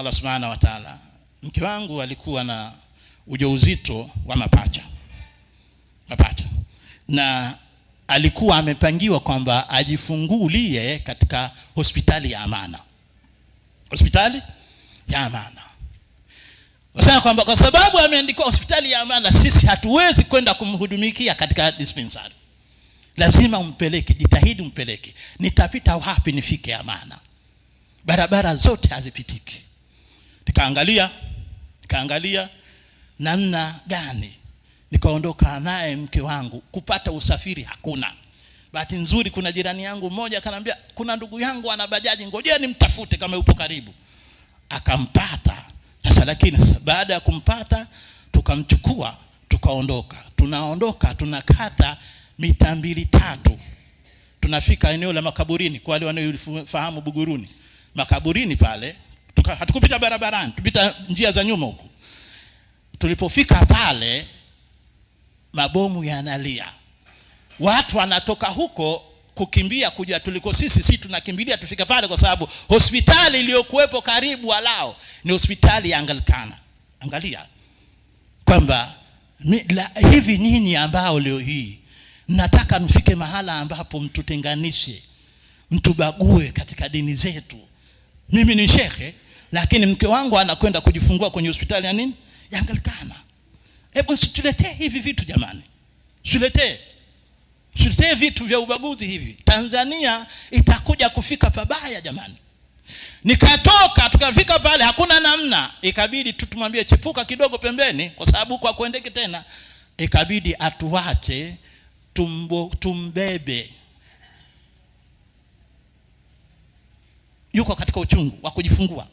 Allah subhanahu wa taala. Mke wangu alikuwa na ujauzito wa mapacha mapacha, na alikuwa amepangiwa kwamba ajifungulie katika hospitali ya Amana, hospitali ya Amana. Wasema kwamba kwa sababu ameandikiwa hospitali ya Amana, sisi hatuwezi kwenda kumhudumikia katika dispensari, lazima umpeleke, jitahidi umpeleke. Nitapita wapi nifike Amana? Barabara zote hazipitiki Nikaangalia nikaangalia namna gani nikaondoka naye mke wangu, kupata usafiri hakuna. Bahati nzuri, kuna jirani yangu mmoja akanambia, kuna ndugu yangu ana bajaji, ngojea nimtafute kama yupo karibu. Akampata sasa, lakini sasa baada ya kumpata tukamchukua tukaondoka. Tunaondoka tunakata mita mbili tatu, tunafika eneo la makaburini. Kwa wale wanaofahamu Buguruni, makaburini pale Tuka, hatukupita barabarani, tupita njia za nyuma huku. Tulipofika pale, mabomu yanalia, watu wanatoka huko kukimbia kuja tuliko sisi, si tunakimbilia tufike pale, kwa sababu hospitali iliyokuwepo karibu walao ni hospitali ya Anglikana. Angalia kwamba hivi nini ambao leo hii nataka mfike mahala ambapo mtutenganishe mtubague katika dini zetu mimi ni shekhe, lakini mke wangu anakwenda kujifungua kwenye hospitali ya nini ya Anglikana. Hebu situletee hivi vitu jamani, situletee situletee vitu vya ubaguzi hivi. Tanzania itakuja kufika pabaya jamani. Nikatoka tukafika pale, hakuna namna, ikabidi tutumwambie chepuka kidogo pembeni, kwa sababu kwa kuendeki tena, ikabidi atuwache tumbo, tumbebe yuko katika uchungu wa kujifungua.